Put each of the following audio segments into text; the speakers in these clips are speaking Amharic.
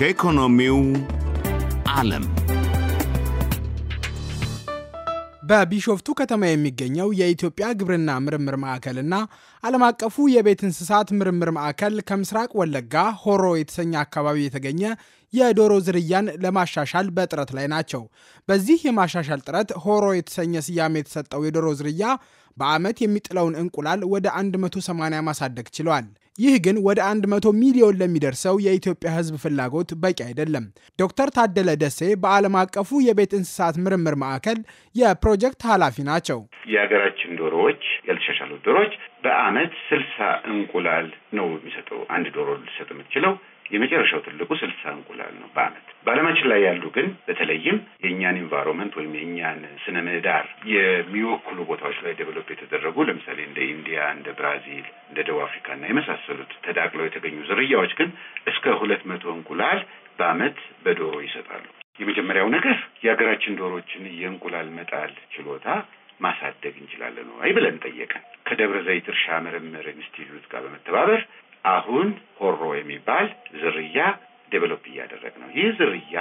ከኢኮኖሚው ዓለም በቢሾፍቱ ከተማ የሚገኘው የኢትዮጵያ ግብርና ምርምር ማዕከልና ዓለም አቀፉ የቤት እንስሳት ምርምር ማዕከል ከምስራቅ ወለጋ ሆሮ የተሰኘ አካባቢ የተገኘ የዶሮ ዝርያን ለማሻሻል በጥረት ላይ ናቸው። በዚህ የማሻሻል ጥረት ሆሮ የተሰኘ ስያሜ የተሰጠው የዶሮ ዝርያ በዓመት የሚጥለውን እንቁላል ወደ 180 ማሳደግ ችሏል። ይህ ግን ወደ 100 ሚሊዮን ለሚደርሰው የኢትዮጵያ ሕዝብ ፍላጎት በቂ አይደለም። ዶክተር ታደለ ደሴ በዓለም አቀፉ የቤት እንስሳት ምርምር ማዕከል የፕሮጀክት ኃላፊ ናቸው። የሀገራችን ዶሮዎች፣ ያልተሻሻሉት ዶሮዎች በአመት ስልሳ እንቁላል ነው የሚሰጠው። አንድ ዶሮ ልትሰጥ የምትችለው የመጨረሻው ትልቁ ስልሳ እንቁላል ነው በአመት። በአለማችን ላይ ያሉ ግን በተለይም የእኛን ኢንቫይሮንመንት ወይም የእኛን ስነ ምህዳር የሚወክሉ ቦታዎች ላይ ዴቨሎፕ የተደረጉ ለምሳሌ እንደ ኢንዲያ፣ እንደ ብራዚል፣ እንደ ደቡብ እና የመሳሰሉት ተዳቅለው የተገኙ ዝርያዎች ግን እስከ ሁለት መቶ እንቁላል በአመት በዶሮ ይሰጣሉ። የመጀመሪያው ነገር የሀገራችን ዶሮዎችን የእንቁላል መጣል ችሎታ ማሳደግ እንችላለን ወይ ብለን ጠየቅን። ከደብረ ዘይት እርሻ ምርምር ኢንስቲትዩት ጋር በመተባበር አሁን ሆሮ የሚባል ዝርያ ዴቨሎፕ እያደረግ ነው። ይህ ዝርያ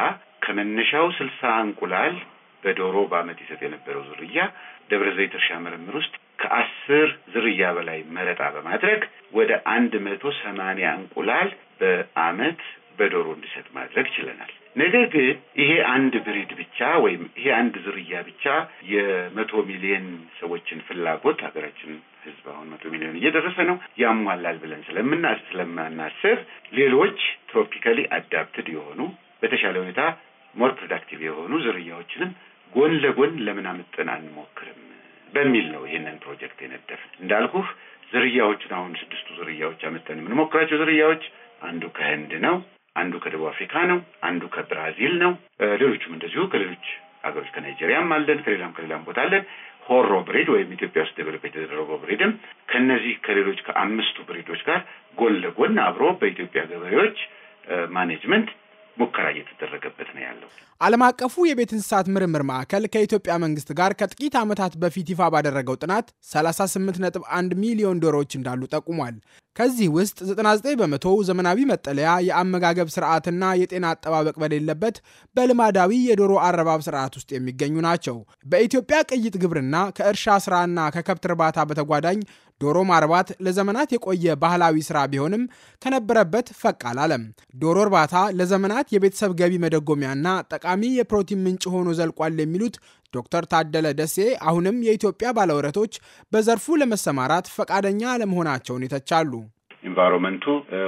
ከመነሻው ስልሳ እንቁላል በዶሮ በአመት ይሰጥ የነበረው ዝርያ ደብረ ዘይት እርሻ ምርምር ውስጥ ከአስር ዝርያ በላይ መረጣ በማድረግ ወደ አንድ መቶ ሰማንያ እንቁላል በአመት በዶሮ እንዲሰጥ ማድረግ ችለናል። ነገር ግን ይሄ አንድ ብሪድ ብቻ ወይም ይሄ አንድ ዝርያ ብቻ የመቶ ሚሊዮን ሰዎችን ፍላጎት ሀገራችን ህዝብ አሁን መቶ ሚሊዮን እየደረሰ ነው ያሟላል ብለን ስለምና ስለማናስብ ሌሎች ትሮፒካሊ አዳፕትድ የሆኑ በተሻለ ሁኔታ ሞር ፕሮዳክቲቭ የሆኑ ዝርያዎችንም ጎን ለጎን ለምን አምጥተን አንሞክርም በሚል ነው ይህንን ፕሮጀክት የነደፍ እንዳልኩህ ዝርያዎችን አሁን ስድስቱ ዝርያዎች አምጥተን የምንሞክራቸው ዝርያዎች አንዱ ከህንድ ነው። አንዱ ከደቡብ አፍሪካ ነው፣ አንዱ ከብራዚል ነው። ሌሎቹም እንደዚሁ ከሌሎች ሀገሮች ከናይጄሪያም አለን፣ ከሌላም ከሌላም ቦታ አለን። ሆሮ ብሬድ ወይም ኢትዮጵያ ውስጥ ደቨሎፕ የተደረገው ብሬድም ከነዚህ ከሌሎች ከአምስቱ ብሬዶች ጋር ጎን ለጎን አብሮ በኢትዮጵያ ገበሬዎች ማኔጅመንት ሙከራ እየተደረገበት ነው ያለው። ዓለም አቀፉ የቤት እንስሳት ምርምር ማዕከል ከኢትዮጵያ መንግስት ጋር ከጥቂት ዓመታት በፊት ይፋ ባደረገው ጥናት 38.1 ሚሊዮን ዶሮዎች እንዳሉ ጠቁሟል። ከዚህ ውስጥ 99 በመቶ ዘመናዊ መጠለያ፣ የአመጋገብ ስርዓትና የጤና አጠባበቅ በሌለበት በልማዳዊ የዶሮ አረባብ ስርዓት ውስጥ የሚገኙ ናቸው። በኢትዮጵያ ቅይጥ ግብርና ከእርሻ ስራና ከከብት እርባታ በተጓዳኝ ዶሮ ማርባት ለዘመናት የቆየ ባህላዊ ስራ ቢሆንም ከነበረበት ፈቅ አላለም። ዶሮ እርባታ ለዘመናት የቤተሰብ ገቢ መደጎሚያና ጠቃሚ የፕሮቲን ምንጭ ሆኖ ዘልቋል የሚሉት ዶክተር ታደለ ደሴ አሁንም የኢትዮጵያ ባለውረቶች በዘርፉ ለመሰማራት ፈቃደኛ አለመሆናቸውን ይተቻሉ። ኢንቫይሮመንቱ፣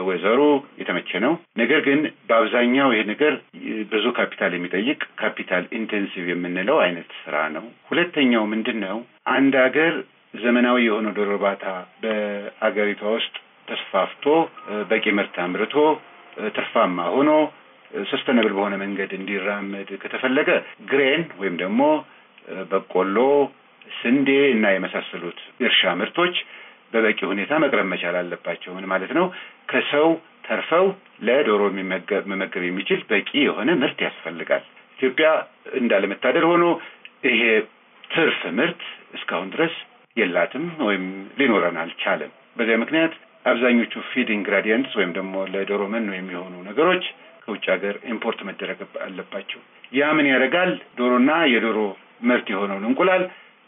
ወይዘሩ የተመቸ ነው። ነገር ግን በአብዛኛው ይህ ነገር ብዙ ካፒታል የሚጠይቅ ካፒታል ኢንቴንሲቭ የምንለው አይነት ስራ ነው። ሁለተኛው ምንድን ነው? አንድ ሀገር ዘመናዊ የሆነ ዶሮ እርባታ በአገሪቷ ውስጥ ተስፋፍቶ በቂ ምርት አምርቶ ትርፋማ ሆኖ ሰስተነብል በሆነ መንገድ እንዲራመድ ከተፈለገ ግሬን ወይም ደግሞ በቆሎ፣ ስንዴ እና የመሳሰሉት እርሻ ምርቶች በበቂ ሁኔታ መቅረብ መቻል አለባቸው ማለት ነው። ከሰው ተርፈው ለዶሮ መመገብ የሚችል በቂ የሆነ ምርት ያስፈልጋል። ኢትዮጵያ እንዳለመታደል ሆኖ ይሄ ትርፍ ምርት እስካሁን ድረስ የላትም ወይም ሊኖረን አልቻለም። በዚያ ምክንያት አብዛኞቹ ፊድ ኢንግራዲየንትስ ወይም ደግሞ ለዶሮ መኖ የሚሆኑ ነገሮች ከውጭ ሀገር ኢምፖርት መደረግ አለባቸው። ያ ምን ያደርጋል? ዶሮና የዶሮ ምርት የሆነውን እንቁላል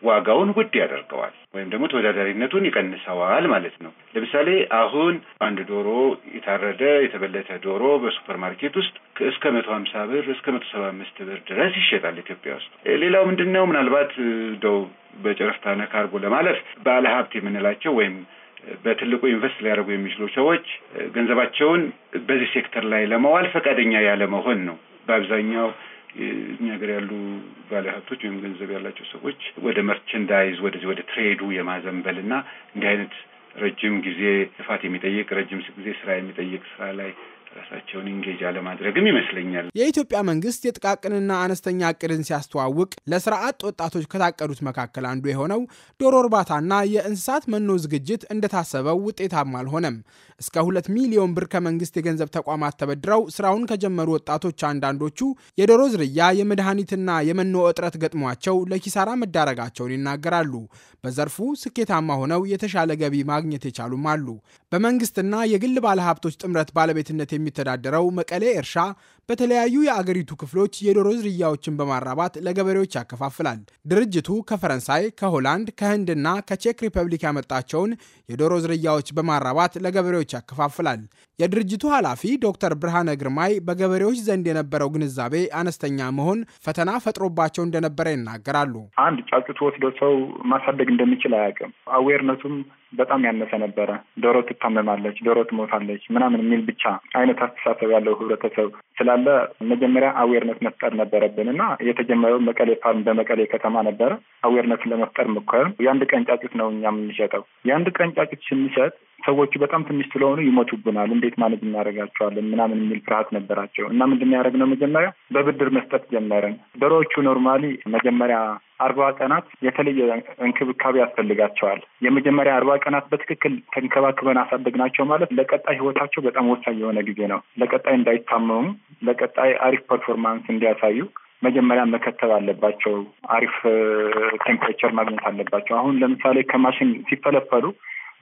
ዋጋውን ውድ ያደርገዋል ወይም ደግሞ ተወዳዳሪነቱን ይቀንሰዋል ማለት ነው። ለምሳሌ አሁን አንድ ዶሮ የታረደ የተበለተ ዶሮ በሱፐር ማርኬት ውስጥ እስከ መቶ ሀምሳ ብር እስከ መቶ ሰባ አምስት ብር ድረስ ይሸጣል ኢትዮጵያ ውስጥ። ሌላው ምንድን ነው ምናልባት እንደው በጨረፍታ ነክ አድርጎ ለማለፍ ባለ ሀብት የምንላቸው ወይም በትልቁ ኢንቨስት ሊያደርጉ የሚችሉ ሰዎች ገንዘባቸውን በዚህ ሴክተር ላይ ለመዋል ፈቃደኛ ያለመሆን ነው። በአብዛኛው እኛ ሀገር ያሉ ባለሀብቶች ወይም ገንዘብ ያላቸው ሰዎች ወደ መርቸንዳይዝ ወደዚህ ወደ ትሬዱ የማዘንበል እና እንዲህ አይነት ረጅም ጊዜ ልፋት የሚጠይቅ ረጅም ጊዜ ስራ የሚጠይቅ ስራ ላይ ራሳቸውን እንጌጃ ለማድረግም ይመስለኛል። የኢትዮጵያ መንግስት የጥቃቅንና አነስተኛ እቅድን ሲያስተዋውቅ ለስርዓት ወጣቶች ከታቀዱት መካከል አንዱ የሆነው ዶሮ እርባታና የእንስሳት መኖ ዝግጅት እንደታሰበው ውጤታማ አልሆነም። እስከ ሁለት ሚሊዮን ብር ከመንግስት የገንዘብ ተቋማት ተበድረው ስራውን ከጀመሩ ወጣቶች አንዳንዶቹ የዶሮ ዝርያ የመድኃኒትና የመኖ እጥረት ገጥሟቸው ለኪሳራ መዳረጋቸውን ይናገራሉ። በዘርፉ ስኬታማ ሆነው የተሻለ ገቢ ማግኘት የቻሉም አሉ። በመንግስትና የግል ባለሀብቶች ጥምረት ባለቤትነት የሚ የሚተዳደረው መቀሌ እርሻ በተለያዩ የአገሪቱ ክፍሎች የዶሮ ዝርያዎችን በማራባት ለገበሬዎች ያከፋፍላል። ድርጅቱ ከፈረንሳይ፣ ከሆላንድ፣ ከህንድና ከቼክ ሪፐብሊክ ያመጣቸውን የዶሮ ዝርያዎች በማራባት ለገበሬዎች ያከፋፍላል። የድርጅቱ ኃላፊ ዶክተር ብርሃነ ግርማይ በገበሬዎች ዘንድ የነበረው ግንዛቤ አነስተኛ መሆን ፈተና ፈጥሮባቸው እንደነበረ ይናገራሉ። አንድ ጫጩት ወስዶ ሰው ማሳደግ እንደሚችል አያውቅም። አዌርነቱም በጣም ያነሰ ነበረ። ዶሮ ትታመማለች፣ ዶሮ ትሞታለች ምናምን የሚል ብቻ አይነት አስተሳሰብ ያለው ህብረተሰብ ስለ እንዳለ መጀመሪያ አዌርነት መፍጠር ነበረብን እና የተጀመረው መቀሌ ፋርም በመቀሌ ከተማ ነበረ። አዌርነትን ለመፍጠር ሙከር የአንድ ቀን ጫጩት ነው እኛ የምንሸጠው። የአንድ ቀን ጫጩት ስንሸጥ ሰዎቹ በጣም ትንሽ ስለሆኑ ይሞቱብናል፣ እንዴት ማነጅ እናደርጋቸዋለን ምናምን የሚል ፍርሃት ነበራቸው እና ምንድን ነው መጀመሪያ በብድር መስጠት ጀመርን። ዶሮዎቹ ኖርማሊ መጀመሪያ አርባ ቀናት የተለየ እንክብካቤ ያስፈልጋቸዋል። የመጀመሪያ አርባ ቀናት በትክክል ተንከባክበን አሳደግናቸው ማለት ለቀጣይ ህይወታቸው በጣም ወሳኝ የሆነ ጊዜ ነው። ለቀጣይ እንዳይታመሙ፣ ለቀጣይ አሪፍ ፐርፎርማንስ እንዲያሳዩ መጀመሪያ መከተብ አለባቸው። አሪፍ ቴምፕሬቸር ማግኘት አለባቸው። አሁን ለምሳሌ ከማሽን ሲፈለፈሉ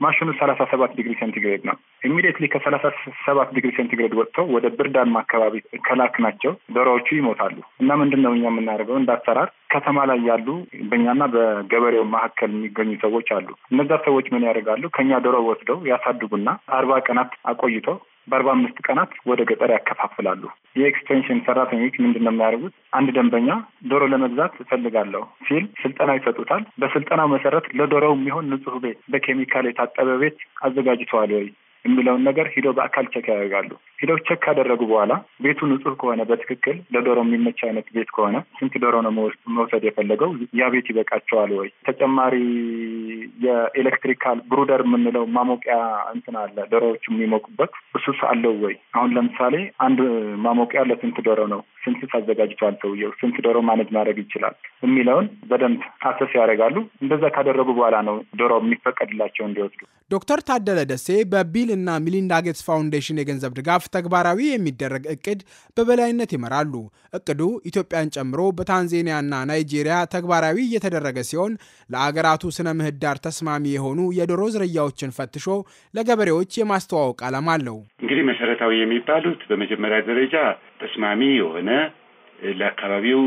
ማሽኑ ሰላሳ ሰባት ዲግሪ ሴንቲግሬድ ነው። ኢሚዲየትሊ ከሰላሳ ሰባት ዲግሪ ሴንቲግሬድ ወጥተው ወደ ብርዳማ አካባቢ ከላክ ናቸው ዶሮዎቹ ይሞታሉ። እና ምንድን ነው እኛ የምናደርገው እንደ አሰራር ከተማ ላይ ያሉ በእኛና በገበሬው መካከል የሚገኙ ሰዎች አሉ። እነዛ ሰዎች ምን ያደርጋሉ? ከእኛ ዶሮ ወስደው ያሳድጉና አርባ ቀናት አቆይተው በአርባ አምስት ቀናት ወደ ገጠር ያከፋፍላሉ። የኤክስቴንሽን ሰራተኞች ምንድን ነው የሚያደርጉት? አንድ ደንበኛ ዶሮ ለመግዛት እፈልጋለሁ ሲል ስልጠና ይሰጡታል። በስልጠናው መሰረት ለዶሮው የሚሆን ንጹህ ቤት፣ በኬሚካል የታጠበ ቤት አዘጋጅተዋል ወይ የሚለውን ነገር ሂዶ በአካል ቸክ ያደርጋሉ። ሂደው ቸክ ካደረጉ በኋላ ቤቱ ንጹህ ከሆነ በትክክል ለዶሮ የሚመች አይነት ቤት ከሆነ ስንት ዶሮ ነው መውሰድ የፈለገው? ያ ቤት ይበቃቸዋል ወይ? ተጨማሪ የኤሌክትሪካል ብሩደር የምንለው ማሞቂያ እንትን አለ፣ ዶሮዎች የሚሞቁበት እሱስ አለው ወይ? አሁን ለምሳሌ አንድ ማሞቂያ ለስንት ዶሮ ነው? ስንት አዘጋጅቷል ሰውየው፣ ስንት ዶሮ ማነጅ ማድረግ ይችላል የሚለውን በደንብ አሰስ ያደርጋሉ። እንደዛ ካደረጉ በኋላ ነው ዶሮ የሚፈቀድላቸው እንዲወስዱ። ዶክተር ታደለ ደሴ በቢል እና ሚሊንዳ ጌትስ ፋውንዴሽን የገንዘብ ድጋፍ ተግባራዊ የሚደረግ እቅድ በበላይነት ይመራሉ። እቅዱ ኢትዮጵያን ጨምሮ በታንዜኒያና ናይጄሪያ ተግባራዊ እየተደረገ ሲሆን ለአገራቱ ስነ ምህዳር ተስማሚ የሆኑ የዶሮ ዝርያዎችን ፈትሾ ለገበሬዎች የማስተዋወቅ ዓላማ አለው። እንግዲህ መሰረታዊ የሚባሉት በመጀመሪያ ደረጃ ተስማሚ የሆነ ለአካባቢው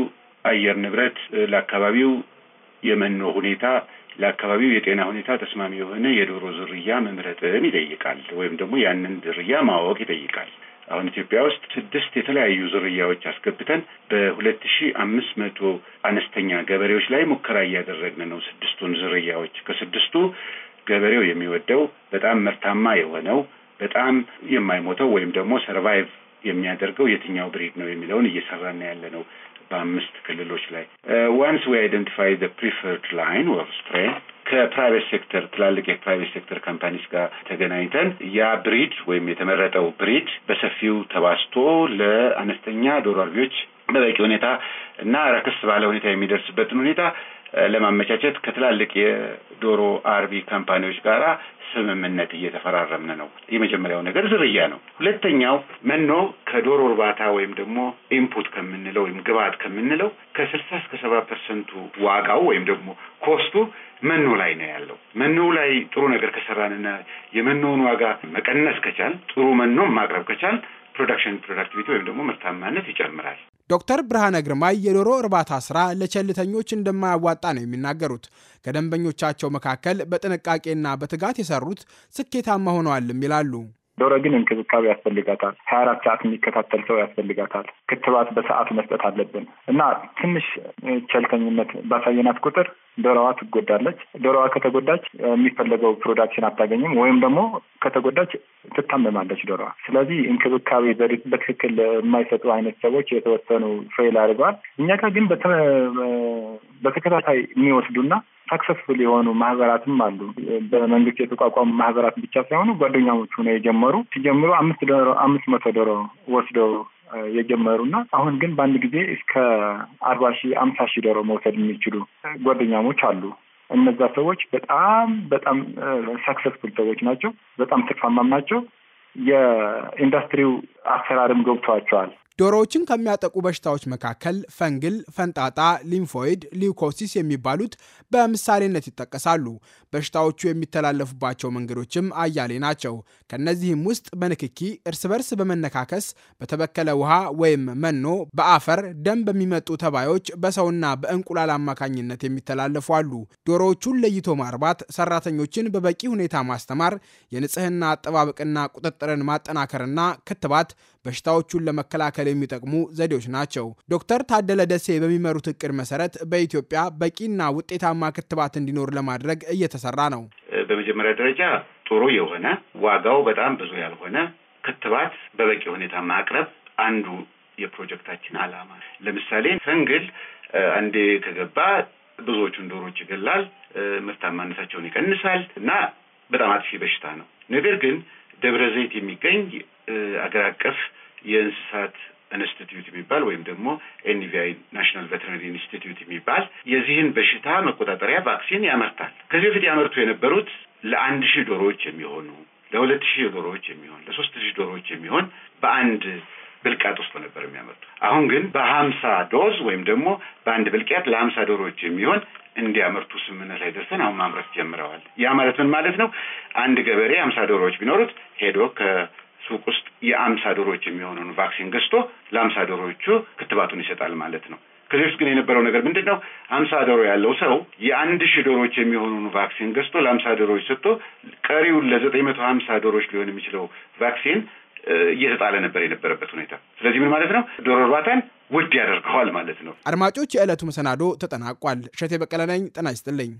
አየር ንብረት፣ ለአካባቢው የመኖ ሁኔታ፣ ለአካባቢው የጤና ሁኔታ ተስማሚ የሆነ የዶሮ ዝርያ መምረጥን ይጠይቃል። ወይም ደግሞ ያንን ዝርያ ማወቅ ይጠይቃል። አሁን ኢትዮጵያ ውስጥ ስድስት የተለያዩ ዝርያዎች አስገብተን በሁለት ሺ አምስት መቶ አነስተኛ ገበሬዎች ላይ ሙከራ እያደረግን ነው። ስድስቱን ዝርያዎች ከስድስቱ ገበሬው የሚወደው በጣም ምርታማ የሆነው በጣም የማይሞተው ወይም ደግሞ ሰርቫይቭ የሚያደርገው የትኛው ብሬድ ነው የሚለውን እየሰራና ያለ ነው በአምስት ክልሎች ላይ ዋንስ ዊ አይደንቲፋይ ዘ ፕሪፈርድ ላይን ኦፍ ስትሬን ከፕራይቬት ሴክተር ትላልቅ የፕራይቬት ሴክተር ካምፓኒስ ጋር ተገናኝተን ያ ብሪድ ወይም የተመረጠው ብሪድ በሰፊው ተባስቶ ለአነስተኛ ዶሮ አርቢዎች በበቂ ሁኔታ እና ረክስ ባለ ሁኔታ የሚደርስበትን ሁኔታ ለማመቻቸት ከትላልቅ የዶሮ አርቢ ካምፓኒዎች ጋራ ስምምነት እየተፈራረምን ነው። የመጀመሪያው ነገር ዝርያ ነው። ሁለተኛው መኖ ከዶሮ እርባታ ወይም ደግሞ ኢንፑት ከምንለው ወይም ግብአት ከምንለው ከስልሳ እስከ ሰባ ፐርሰንቱ ዋጋው ወይም ደግሞ ኮስቱ መኖ ላይ ነው ያለው። መኖ ላይ ጥሩ ነገር ከሰራንና የመኖውን ዋጋ መቀነስ ከቻል፣ ጥሩ መኖ ማቅረብ ከቻል ፕሮዳክሽን ፕሮዳክቲቪቲ ወይም ደግሞ ምርታማነት ይጨምራል። ዶክተር ብርሃነ ግርማይ የዶሮ እርባታ ስራ ለቸልተኞች እንደማያዋጣ ነው የሚናገሩት። ከደንበኞቻቸው መካከል በጥንቃቄና በትጋት የሰሩት ስኬታማ ሆነዋልም ይላሉ። ዶሮ ግን እንክብካቤ ያስፈልጋታል። ሀያ አራት ሰዓት የሚከታተል ሰው ያስፈልጋታል። ክትባት በሰዓት መስጠት አለብን እና ትንሽ ቸልተኝነት ባሳየናት ቁጥር ዶሮዋ ትጎዳለች። ዶሮዋ ከተጎዳች የሚፈለገው ፕሮዳክሽን አታገኝም፣ ወይም ደግሞ ከተጎዳች ትታመማለች ዶሮዋ። ስለዚህ እንክብካቤ በትክክል የማይሰጡ አይነት ሰዎች የተወሰኑ ፌል አድርገዋል። እኛ ጋር ግን በተከታታይ የሚወስዱና ሳክሰስፉል የሆኑ ማህበራትም አሉ። በመንግስት የተቋቋሙ ማህበራት ብቻ ሳይሆኑ ጓደኛሞቹ ነው የጀመሩ ሲጀምሩ አምስት ዶሮ አምስት መቶ ዶሮ ወስዶ የጀመሩና አሁን ግን በአንድ ጊዜ እስከ አርባ ሺህ አምሳ ሺህ ዶሮ መውሰድ የሚችሉ ጓደኛሞች አሉ። እነዛ ሰዎች በጣም በጣም ሰክሰስፉል ሰዎች ናቸው። በጣም ትርፋማም ናቸው። የኢንዱስትሪው አሰራርም ገብቷቸዋል። ዶሮዎችን ከሚያጠቁ በሽታዎች መካከል ፈንግል፣ ፈንጣጣ፣ ሊምፎይድ፣ ሊውኮሲስ የሚባሉት በምሳሌነት ይጠቀሳሉ። በሽታዎቹ የሚተላለፉባቸው መንገዶችም አያሌ ናቸው። ከእነዚህም ውስጥ በንክኪ፣ እርስ በርስ በመነካከስ፣ በተበከለ ውሃ ወይም መኖ፣ በአፈር፣ ደም በሚመጡ ተባዮች፣ በሰውና በእንቁላል አማካኝነት የሚተላለፉ አሉ። ዶሮዎቹን ለይቶ ማርባት፣ ሰራተኞችን በበቂ ሁኔታ ማስተማር፣ የንጽህና አጠባበቅና ቁጥጥርን ማጠናከርና ክትባት በሽታዎቹን ለመከላከል ለመከላከል የሚጠቅሙ ዘዴዎች ናቸው። ዶክተር ታደለ ደሴ በሚመሩት እቅድ መሰረት በኢትዮጵያ በቂና ውጤታማ ክትባት እንዲኖር ለማድረግ እየተሰራ ነው። በመጀመሪያ ደረጃ ጥሩ የሆነ ዋጋው በጣም ብዙ ያልሆነ ክትባት በበቂ ሁኔታ ማቅረብ አንዱ የፕሮጀክታችን ዓላማ። ለምሳሌ ፈንግል አንዴ ከገባ ብዙዎቹን ዶሮች ይገላል፣ ምርታማነታቸውን ይቀንሳል እና በጣም አጥፊ በሽታ ነው። ነገር ግን ደብረ ዘይት የሚገኝ አገር አቀፍ የእንስሳት ኢንስቲትዩት የሚባል ወይም ደግሞ ኤንቪአይ ናሽናል ቬተሪናሪ ኢንስቲትዩት የሚባል የዚህን በሽታ መቆጣጠሪያ ቫክሲን ያመርታል። ከዚህ በፊት ያመርቱ የነበሩት ለአንድ ሺህ ዶሮዎች የሚሆኑ ለሁለት ሺህ ዶሮዎች የሚሆን ለሶስት ሺህ ዶሮዎች የሚሆን በአንድ ብልቃጥ ውስጥ ነበር የሚያመርቱ። አሁን ግን በሀምሳ ዶዝ ወይም ደግሞ በአንድ ብልቅያት ለሀምሳ ዶሮዎች የሚሆን እንዲያመርቱ ስምምነት ላይ ደርሰን አሁን ማምረት ጀምረዋል። ያ ማለት ምን ማለት ነው? አንድ ገበሬ ሀምሳ ዶሮዎች ቢኖሩት ሄዶ ከ ሱቅ ውስጥ የአምሳ ዶሮዎች የሚሆኑን ቫክሲን ገዝቶ ለአምሳ ዶሮዎቹ ክትባቱን ይሰጣል ማለት ነው። ከዚህ ውስጥ ግን የነበረው ነገር ምንድን ነው? አምሳ ዶሮ ያለው ሰው የአንድ ሺህ ዶሮዎች የሚሆኑን ቫክሲን ገዝቶ ለአምሳ ዶሮዎች ሰጥቶ ቀሪውን ለዘጠኝ መቶ ሀምሳ ዶሮዎች ሊሆን የሚችለው ቫክሲን እየተጣለ ነበር የነበረበት ሁኔታ። ስለዚህ ምን ማለት ነው? ዶሮ እርባታን ውድ ያደርገዋል ማለት ነው። አድማጮች፣ የዕለቱ መሰናዶ ተጠናቋል። እሸቴ በቀለ ነኝ። ጤና ይስጥልኝ።